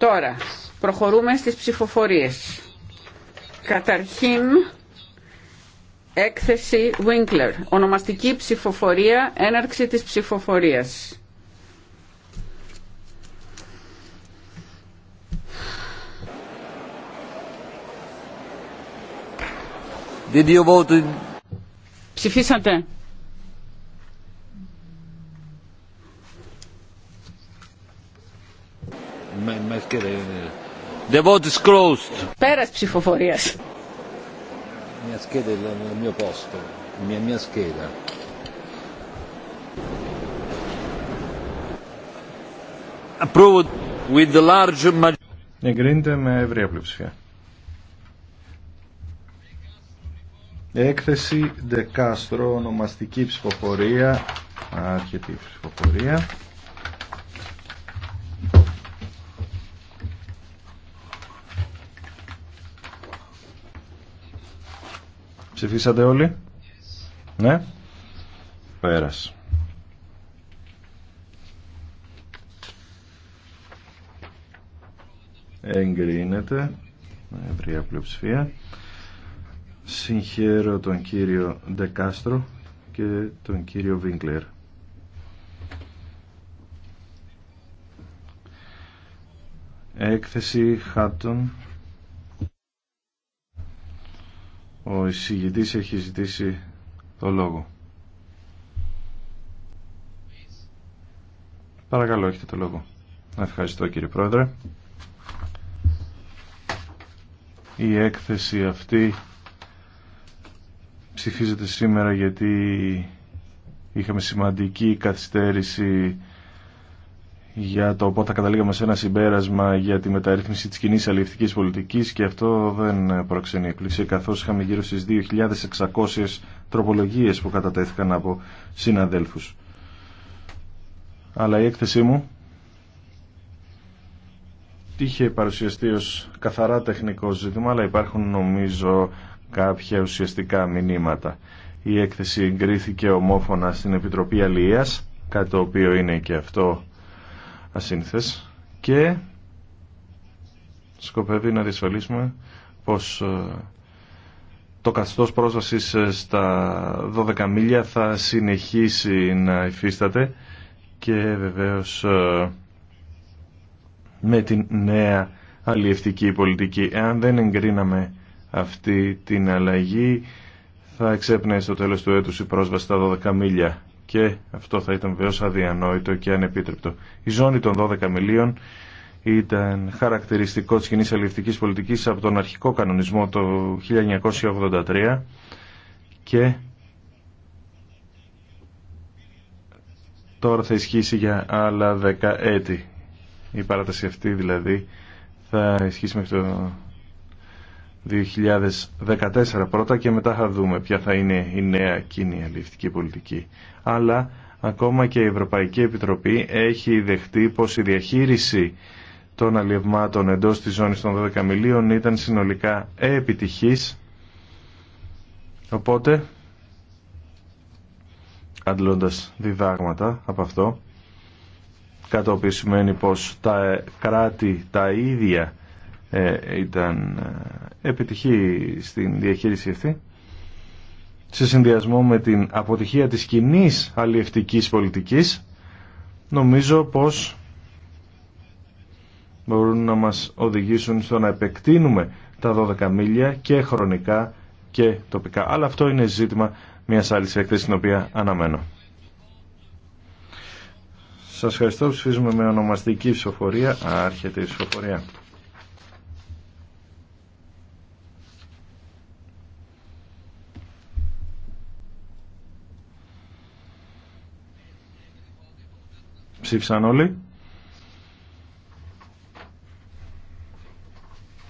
Τώρα, προχωρούμε στις ψηφοφορίες. Καταρχήν, έκθεση Winkler. Ονομαστική ψηφοφορία, έναρξη της ψηφοφορίας. Did Ψηφίσατε. The vote is closed. Πέρας ψηφοφορίας. Μια scheda το mio posto, Μια μια scheda. Approved with the large majority. Εγκρίνεται με ευρεία πλειοψηφία. Έκθεση Ντεκάστρο, ονομαστική ψηφοφορία, άρχεται η ψηφοφορία. Ψηφίσατε όλοι. Ναι. Πέρας. Εγκρίνεται με ευρία πλειοψηφία. Συγχαίρω τον κύριο Ντεκάστρο και τον κύριο Βίγκλερ. Έκθεση Χάτων εισηγητής έχει ζητήσει το λόγο. Παρακαλώ, έχετε το λόγο. Ευχαριστώ κύριε Πρόεδρε. Η έκθεση αυτή ψηφίζεται σήμερα γιατί είχαμε σημαντική καθυστέρηση για το πότε καταλήγαμε σε ένα συμπέρασμα για τη μεταρρύθμιση της κοινή αλληλευτικής πολιτικής και αυτό δεν προξενεί εκπλήξη καθώς είχαμε γύρω στις 2.600 τροπολογίες που κατατέθηκαν από συναδέλφους. Αλλά η έκθεσή μου είχε παρουσιαστεί ως καθαρά τεχνικό ζήτημα αλλά υπάρχουν νομίζω κάποια ουσιαστικά μηνύματα. Η έκθεση εγκρίθηκε ομόφωνα στην Επιτροπή Αλληλείας κάτι το οποίο είναι και αυτό ασύνηθες και σκοπεύει να διασφαλίσουμε πως ε, το καστό πρόσβασης ε, στα 12 μίλια θα συνεχίσει να υφίσταται και βεβαίως ε, με την νέα αλλιευτική πολιτική. Εάν δεν εγκρίναμε αυτή την αλλαγή θα εξέπνεε στο τέλος του έτους η πρόσβαση στα 12 μίλια και αυτό θα ήταν βεβαίως αδιανόητο και ανεπίτρεπτο. Η ζώνη των 12 μιλίων ήταν χαρακτηριστικό της κοινής αλληλευτικής πολιτικής από τον αρχικό κανονισμό το 1983 και τώρα θα ισχύσει για άλλα 10 έτη. Η παράταση αυτή δηλαδή θα ισχύσει μέχρι το 2014 πρώτα και μετά θα δούμε ποια θα είναι η νέα κοινή αλληλευτική πολιτική. Αλλά ακόμα και η Ευρωπαϊκή Επιτροπή έχει δεχτεί πως η διαχείριση των αλληλευμάτων εντός της ζώνης των 12 μιλίων ήταν συνολικά επιτυχής. Οπότε, αντλώντας διδάγματα από αυτό, κάτω σημαίνει πως τα κράτη τα ίδια ε, ήταν ε, επιτυχή στην διαχείριση αυτή σε συνδυασμό με την αποτυχία της κοινή αλλιευτικής πολιτικής νομίζω πως μπορούν να μας οδηγήσουν στο να επεκτείνουμε τα 12 μίλια και χρονικά και τοπικά. Αλλά αυτό είναι ζήτημα μιας άλλης έκθεσης την οποία αναμένω. Σας ευχαριστώ. Ψηφίζουμε με ονομαστική ψηφοφορία. Άρχεται η ψηφοφορία. Ψήφισαν όλοι.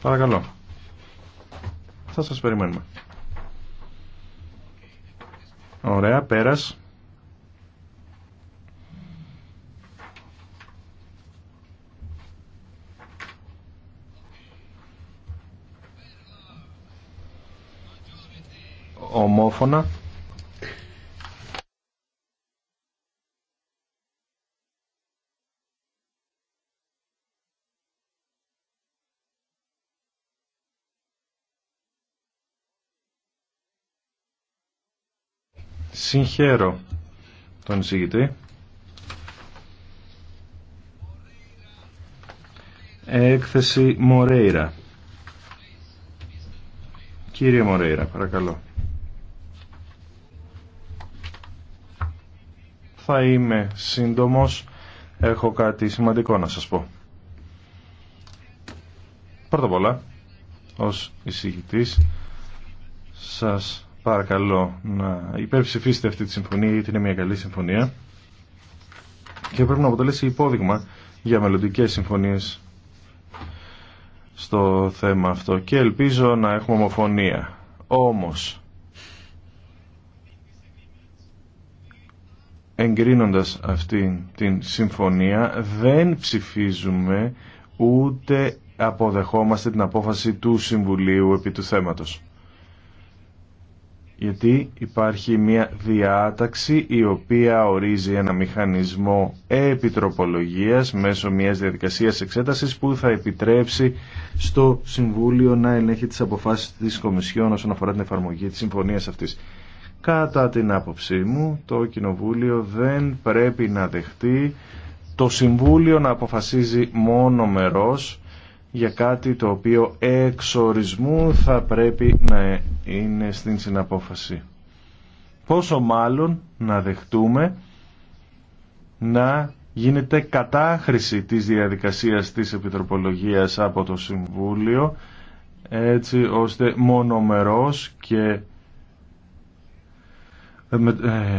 Παρακαλώ. Θα σας περιμένουμε. Ωραία, πέρας. Ομόφωνα. Συγχαίρω τον εισηγητή. Έκθεση Μορέιρα. Κύριε Μορέιρα, παρακαλώ. Θα είμαι σύντομος. Έχω κάτι σημαντικό να σας πω. Πρώτα απ' όλα, ως εισηγητής, σας παρακαλώ να υπερψηφίσετε αυτή τη συμφωνία γιατί είναι μια καλή συμφωνία και πρέπει να αποτελέσει υπόδειγμα για μελλοντικέ συμφωνίες στο θέμα αυτό και ελπίζω να έχουμε ομοφωνία. Όμως, εγκρίνοντας αυτή την συμφωνία δεν ψηφίζουμε ούτε αποδεχόμαστε την απόφαση του Συμβουλίου επί του θέματος γιατί υπάρχει μια διάταξη η οποία ορίζει ένα μηχανισμό επιτροπολογίας μέσω μιας διαδικασίας εξέτασης που θα επιτρέψει στο Συμβούλιο να ελέγχει τις αποφάσεις της Κομισιόν όσον αφορά την εφαρμογή της συμφωνίας αυτής. Κατά την άποψή μου, το Κοινοβούλιο δεν πρέπει να δεχτεί το Συμβούλιο να αποφασίζει μόνο μερός για κάτι το οποίο εξορισμού θα πρέπει να είναι στην συναπόφαση. Πόσο μάλλον να δεχτούμε να γίνεται κατάχρηση της διαδικασίας της επιτροπολογίας από το Συμβούλιο έτσι ώστε μονομερός και ε,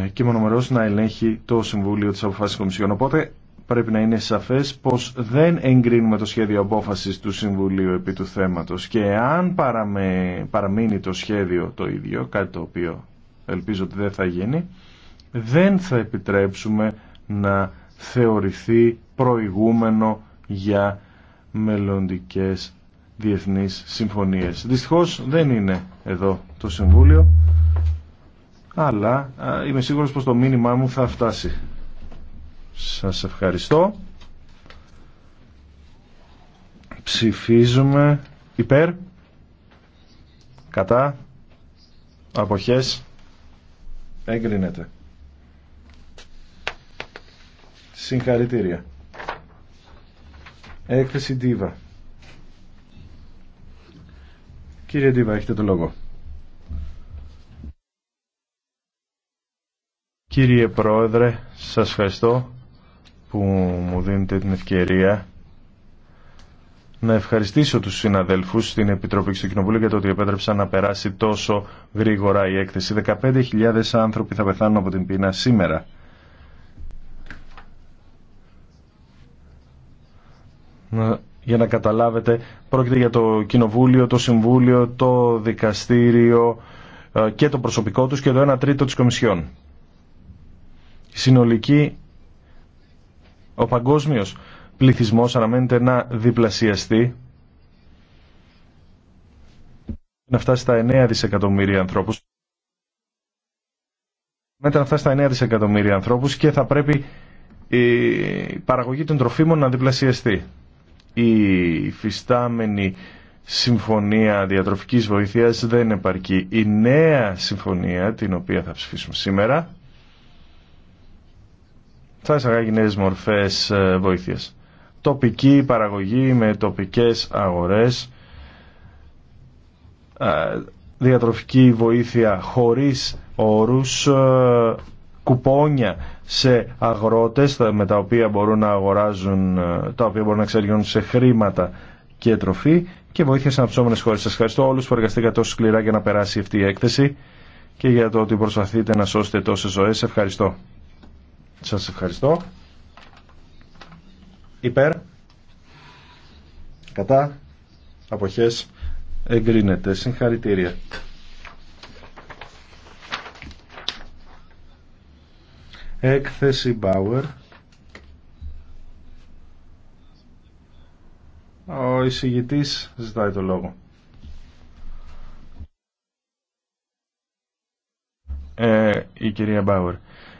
ε, και μονομερός να ελέγχει το Συμβούλιο της Αποφάσης Κομισιών. Οπότε πρέπει να είναι σαφές πως δεν εγκρίνουμε το σχέδιο απόφασης του Συμβουλίου επί του θέματος και αν παραμε, παραμείνει το σχέδιο το ίδιο, κάτι το οποίο ελπίζω ότι δεν θα γίνει, δεν θα επιτρέψουμε να θεωρηθεί προηγούμενο για μελλοντικές διεθνείς συμφωνίες. Δυστυχώς δεν είναι εδώ το Συμβούλιο, αλλά είμαι σίγουρος πως το μήνυμά μου θα φτάσει. Σας ευχαριστώ. Ψηφίζουμε υπέρ, κατά, αποχές, εγκρίνεται. Συγχαρητήρια. Έκθεση Ντίβα. Κύριε Ντίβα, έχετε το λόγο. Κύριε Πρόεδρε, σας ευχαριστώ που μου δίνετε την ευκαιρία να ευχαριστήσω τους συναδέλφους στην Επιτροπή και στο Κοινοβούλιο για το ότι επέτρεψαν να περάσει τόσο γρήγορα η έκθεση. 15.000 άνθρωποι θα πεθάνουν από την πείνα σήμερα. Για να καταλάβετε, πρόκειται για το Κοινοβούλιο, το Συμβούλιο, το Δικαστήριο ε, και το προσωπικό τους και το 1 τρίτο της Κομισιόν. Η συνολική ο παγκόσμιος πληθυσμός αναμένεται να διπλασιαστεί να φτάσει στα 9 δισεκατομμύρια ανθρώπους μετά να φτάσει στα 9 δισεκατομμύρια ανθρώπους και θα πρέπει η παραγωγή των τροφίμων να διπλασιαστεί. Η φυστάμενη συμφωνία διατροφικής βοήθειας δεν επαρκεί. Η νέα συμφωνία, την οποία θα ψηφίσουμε σήμερα, θα εισαγάγει νέες μορφές ε, βοήθειας. Τοπική παραγωγή με τοπικές αγορές, ε, διατροφική βοήθεια χωρίς όρους, ε, κουπόνια σε αγρότες με τα οποία μπορούν να αγοράζουν, τα οποία μπορούν να εξεργειώνουν σε χρήματα και τροφή και βοήθεια σε αναψώμενε χώρες. Σας ευχαριστώ όλους που εργαστήκατε τόσο σκληρά για να περάσει αυτή η έκθεση και για το ότι προσπαθείτε να σώσετε τόσες ζωές. Ευχαριστώ. Σας ευχαριστώ. Υπέρ. Κατά. Αποχές. Εγκρίνεται. Συγχαρητήρια. Έκθεση Bauer. Ο εισηγητής ζητάει το λόγο. Ε, η κυρία Μπάουερ.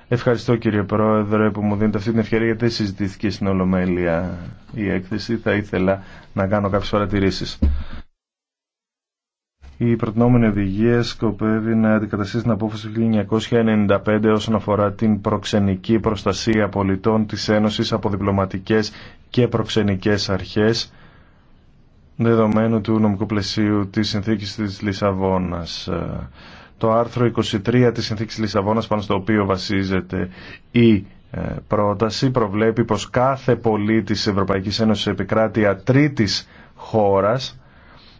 Ευχαριστώ κύριε Πρόεδρε που μου δίνετε αυτή την ευκαιρία γιατί συζητήθηκε στην Ολομέλεια η έκθεση. Θα ήθελα να κάνω κάποιες παρατηρήσεις. Η προτινόμενη οδηγία σκοπεύει να αντικαταστήσει την απόφαση του 1995 όσον αφορά την προξενική προστασία πολιτών της Ένωσης από διπλωματικές και προξενικές αρχές δεδομένου του νομικού πλαισίου της συνθήκης της Λισαβόνας το άρθρο 23 της Συνθήκης Λισαβόνας πάνω στο οποίο βασίζεται η ε, πρόταση προβλέπει πως κάθε πολίτης της Ευρωπαϊκής Ένωσης επικράτεια τρίτης χώρας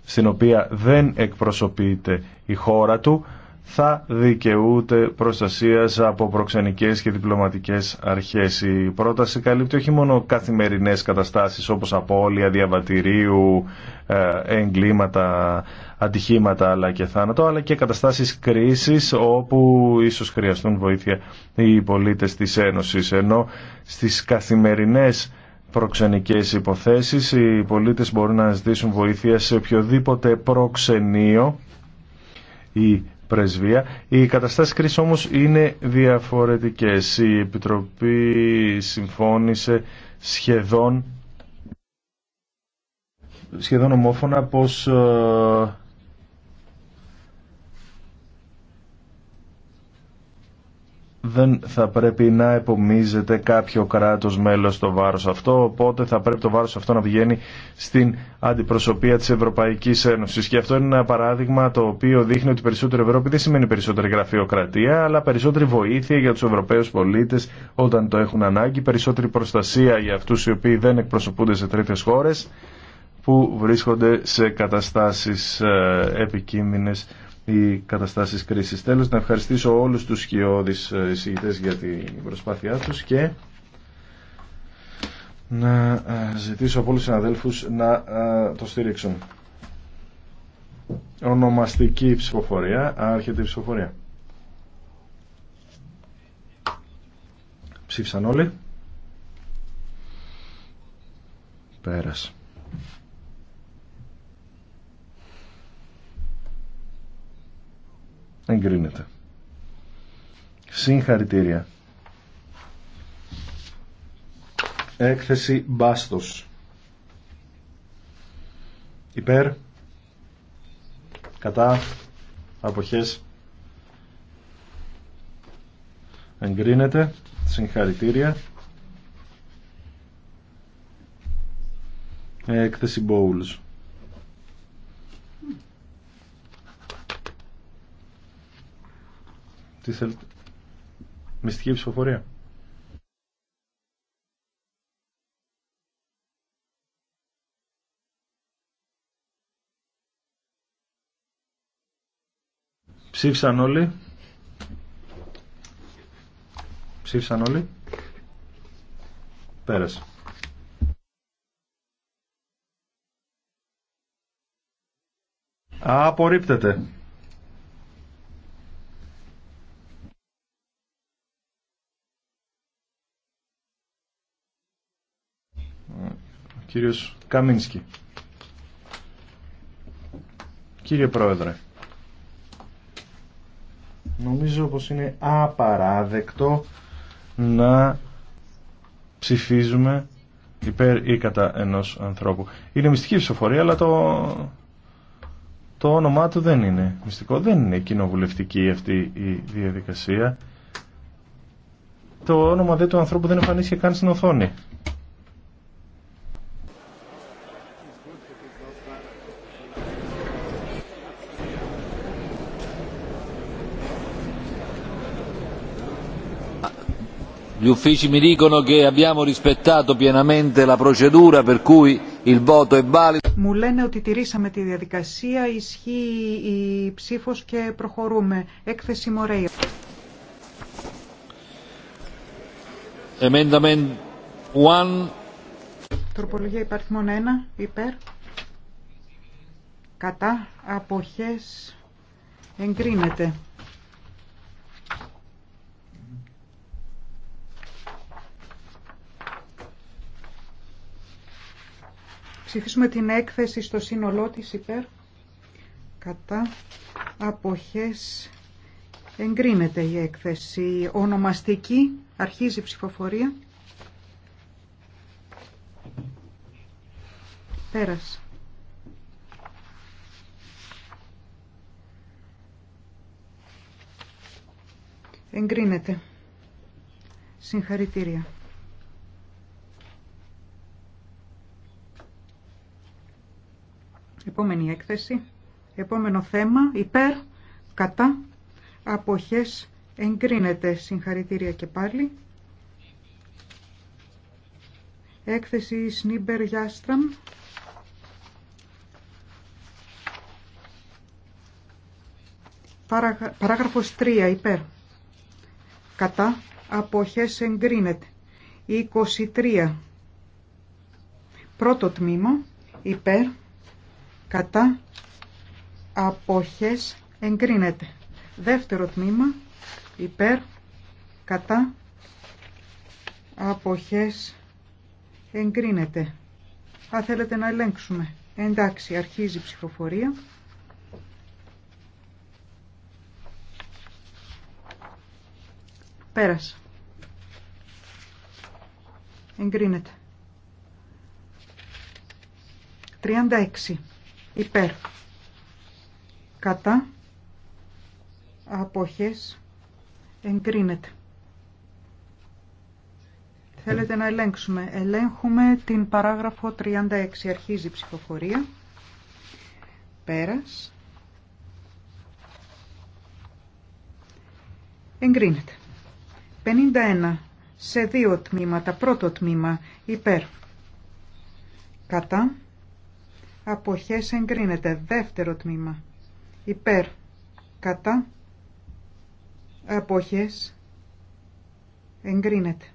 στην οποία δεν εκπροσωπείται η χώρα του θα δικαιούται προστασίας από προξενικέ και διπλωματικές αρχές. Η πρόταση καλύπτει όχι μόνο καθημερινές καταστάσεις όπως απώλεια διαβατηρίου, ε, εγκλήματα, ατυχήματα αλλά και θάνατο, αλλά και καταστάσεις κρίσης όπου ίσως χρειαστούν βοήθεια οι πολίτες της Ένωσης. Ενώ στις καθημερινές προξενικές υποθέσεις οι πολίτες μπορούν να ζητήσουν βοήθεια σε οποιοδήποτε προξενείο πρεσβεία. Οι καταστάσει κρίση όμως είναι διαφορετικέ. Η Επιτροπή συμφώνησε σχεδόν σχεδόν ομόφωνα πως ε, δεν θα πρέπει να επομίζεται κάποιο κράτος μέλος το βάρος αυτό, οπότε θα πρέπει το βάρος αυτό να βγαίνει στην αντιπροσωπεία της Ευρωπαϊκής Ένωσης. Και αυτό είναι ένα παράδειγμα το οποίο δείχνει ότι περισσότερη Ευρώπη δεν σημαίνει περισσότερη γραφειοκρατία, αλλά περισσότερη βοήθεια για τους Ευρωπαίους πολίτες όταν το έχουν ανάγκη, περισσότερη προστασία για αυτούς οι οποίοι δεν εκπροσωπούνται σε τρίτες χώρες που βρίσκονται σε καταστάσεις ε, επικίνδυνες οι καταστάσεις κρίσης. Τέλος, να ευχαριστήσω όλους τους σκιώδεις ε, εισηγητές για την προσπάθειά τους και να ε, ζητήσω από όλους τους συναδέλφους να ε, το στηρίξουν. Ονομαστική ψηφοφορία, άρχεται η ψηφοφορία. Ψήφισαν όλοι. Πέρασε. εγκρίνεται. Συγχαρητήρια. Έκθεση μπάστος. Υπέρ, κατά, αποχές, εγκρίνεται, συγχαρητήρια. Έκθεση Μπόουλς Τι θέλετε. Μυστική ψηφοφορία. Ψήφισαν όλοι. Ψήφισαν όλοι. Πέρασε. Απορρίπτεται. κύριος Καμίνσκι. Κύριε Πρόεδρε, νομίζω πως είναι απαράδεκτο να ψηφίζουμε υπέρ ή κατά ενός ανθρώπου. Είναι μυστική ψηφοφορία, αλλά το, το όνομά του δεν είναι μυστικό. Δεν είναι κοινοβουλευτική αυτή η διαδικασία. Το όνομα δε του ανθρώπου δεν εμφανίστηκε καν στην οθόνη. Gli uffici mi dicono che abbiamo rispettato pienamente la procedura per cui il voto è valido. Μου λένε ότι τηρήσαμε τη διαδικασία, ισχύει η ψήφος και προχωρούμε. Έκθεση Μορέια. Amendment 1. Τροπολογία υπάρχει μόνο ένα, υπέρ. Κατά, αποχές, εγκρίνεται. ψηφίσουμε την έκθεση στο σύνολό της υπέρ κατά αποχές εγκρίνεται η έκθεση ονομαστική αρχίζει η ψηφοφορία πέρασε εγκρίνεται συγχαρητήρια Επόμενη έκθεση, επόμενο θέμα, υπέρ, κατά, αποχές, εγκρίνεται. Συγχαρητήρια και πάλι. Έκθεση Σνίμπερ Γιάστραμ. Παράγραφος 3, υπέρ. Κατά, αποχές εγκρίνεται. 23. Πρώτο τμήμα, υπέρ κατά αποχές εγκρίνεται. Δεύτερο τμήμα υπέρ κατά αποχές εγκρίνεται. Θα θέλετε να ελέγξουμε. Εντάξει, αρχίζει η ψηφοφορία. Πέρασε. Εγκρίνεται. 36 υπέρ κατά αποχές εγκρίνεται. Θέλετε να ελέγξουμε. Ελέγχουμε την παράγραφο 36. Αρχίζει η ψηφοφορία. Πέρας. Εγκρίνεται. 51. Σε δύο τμήματα. Πρώτο τμήμα. Υπέρ. Κατά αποχές εγκρίνεται. Δεύτερο τμήμα. Υπέρ. Κατά. Αποχές εγκρίνεται.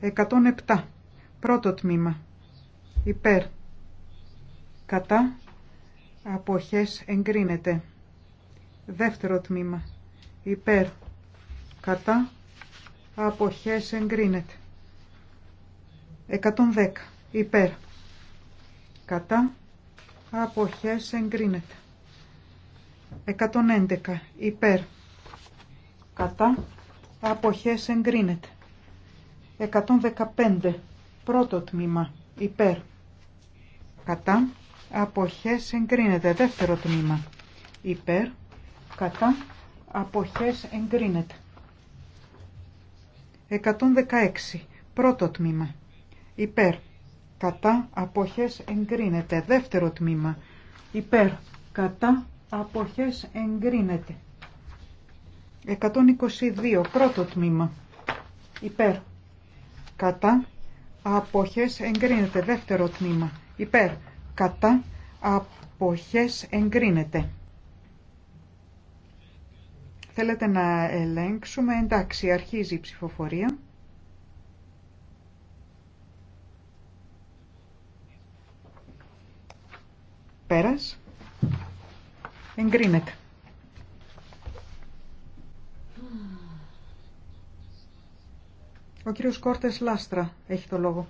107. Πρώτο τμήμα. Υπέρ. Κατά. Αποχές εγκρίνεται. Δεύτερο τμήμα. Υπέρ. Κατά. Αποχές εγκρίνεται. 110. Υπέρ κατά αποχές εγκρίνεται 111 υπέρ κατά αποχές εγκρίνεται 115 πρώτο τμήμα υπέρ κατά αποχές εγκρίνεται δεύτερο τμήμα υπέρ κατά αποχές εγκρίνεται 116 πρώτο τμήμα υπέρ κατά αποχές εγκρίνεται. Δεύτερο τμήμα υπέρ κατά αποχές εγκρίνεται. 122 πρώτο τμήμα υπέρ κατά αποχές εγκρίνεται. Δεύτερο τμήμα υπέρ κατά αποχές εγκρίνεται. Θέλετε να ελέγξουμε. Εντάξει, αρχίζει η ψηφοφορία. Πέρας. Εγκρίνεται. Ο κύριος Κόρτες Λάστρα έχει το λόγο.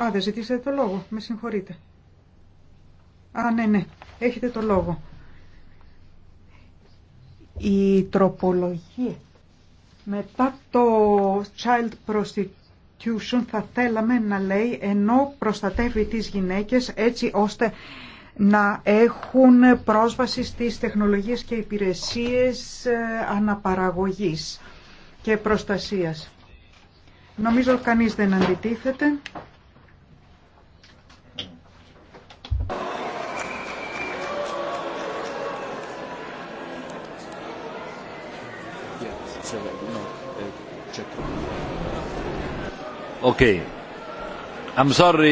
Α, δεν ζητήσατε το λόγο. Με συγχωρείτε. Α, ναι, ναι. Έχετε το λόγο. Η τροπολογία μετά το child prostitution θα θέλαμε να λέει ενώ προστατεύει τις γυναίκες έτσι ώστε να έχουν πρόσβαση στις τεχνολογίες και υπηρεσίες ε, αναπαραγωγής και προστασίας. Νομίζω κανείς δεν αντιτίθεται.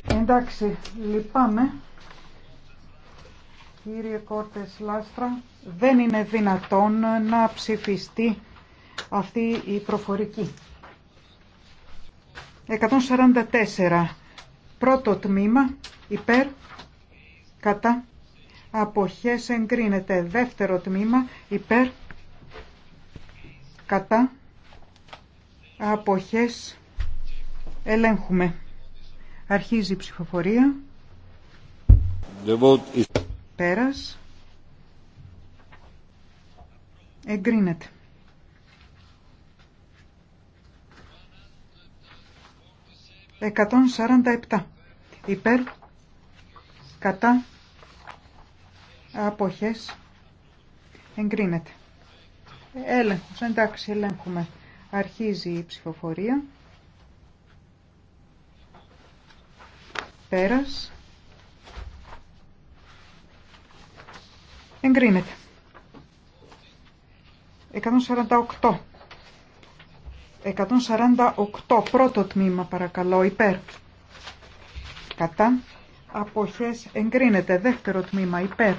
Εντάξει, λυπάμαι. Κύριε Κόρτες Λάστρα, δεν είναι δυνατόν να ψηφιστεί αυτή η προφορική. 144. Πρώτο τμήμα, υπέρ, κατά, αποχές εγκρίνεται. Δεύτερο τμήμα, υπέρ, κατά, αποχές Ελέγχουμε. Αρχίζει η ψηφοφορία. The Πέρας. Εγκρίνεται. 147. Υπέρ, κατά, αποχές, εγκρίνεται. Έλεγχος, εντάξει, ελέγχουμε. Αρχίζει η ψηφοφορία. Πέρας. Εγκρίνεται. 148. 148. Πρώτο τμήμα παρακαλώ. Υπέρ. Κατά. Αποχές εγκρίνεται. Δεύτερο τμήμα. Υπέρ.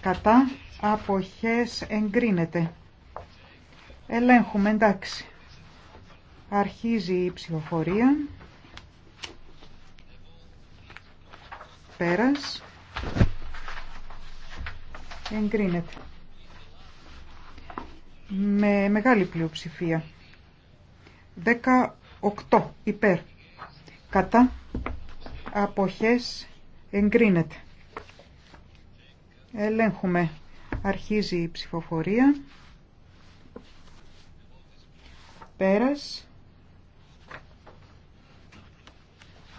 Κατά. Αποχές εγκρίνεται. Ελέγχουμε. Εντάξει. Αρχίζει η ψηφοφορία. πέρας εγκρίνεται με μεγάλη πλειοψηφία 18 υπέρ κατά αποχές εγκρίνεται ελέγχουμε αρχίζει η ψηφοφορία πέρας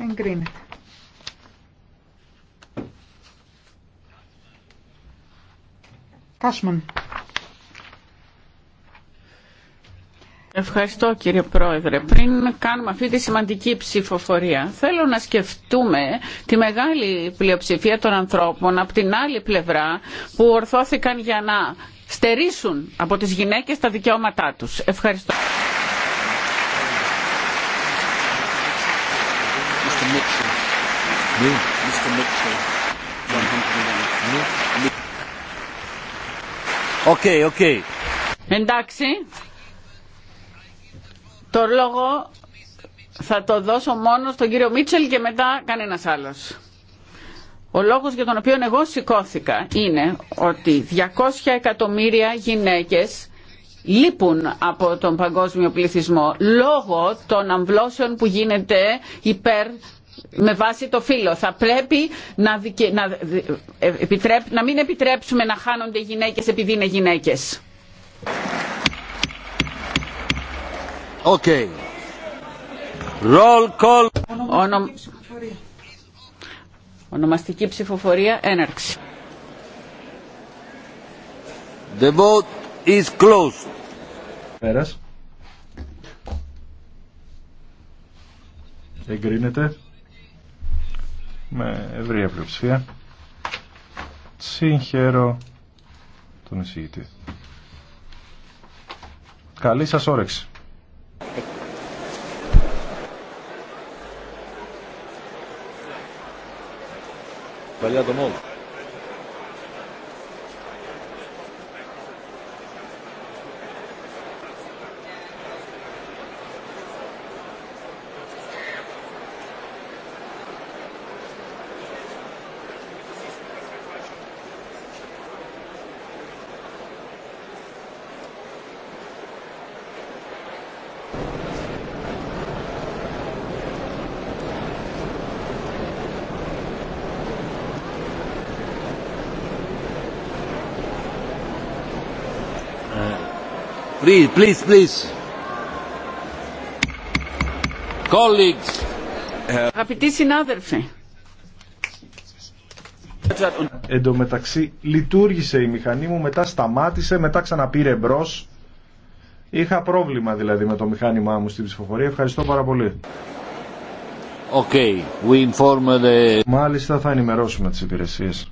εγκρίνεται Ευχαριστώ κύριε Πρόεδρε. Πριν κάνουμε αυτή τη σημαντική ψηφοφορία, θέλω να σκεφτούμε τη μεγάλη πλειοψηφία των ανθρώπων από την άλλη πλευρά που ορθώθηκαν για να στερήσουν από τις γυναίκες τα δικαιώματά τους. Ευχαριστώ. Εντάξει. Το λόγο θα το δώσω μόνο στον κύριο Μίτσελ και μετά κανένας άλλος. Ο λόγος για τον οποίο εγώ σηκώθηκα είναι ότι 200 εκατομμύρια γυναίκες λείπουν από τον παγκόσμιο πληθυσμό λόγω των αμβλώσεων που γίνεται υπέρ με βάση το φύλλο. Θα πρέπει να, να... Ε, επιτρέπ... να μην επιτρέψουμε να χάνονται γυναίκες επειδή είναι γυναίκες. Okay. Roll call. Ονομαστική ψηφοφορία έναρξη. The vote is closed. Πέρας. Εγκρίνεται με ευρία πλειοψηφία. Συγχαίρω τον εισηγητή. Καλή σας όρεξη. Παλιά το μόνο. Please, please, Αγαπητοί συνάδελφοι. Εν τω μεταξύ λειτουργήσε η μηχανή μου, μετά σταμάτησε, μετά ξαναπήρε μπρο. Είχα πρόβλημα δηλαδή με το μηχάνημά μου στην ψηφοφορία. Ευχαριστώ πάρα πολύ. Okay, we inform the... Μάλιστα θα ενημερώσουμε τις υπηρεσίες.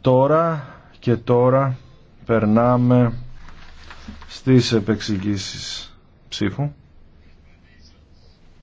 Τώρα και τώρα περνάμε στις επεξηγήσεις ψήφου.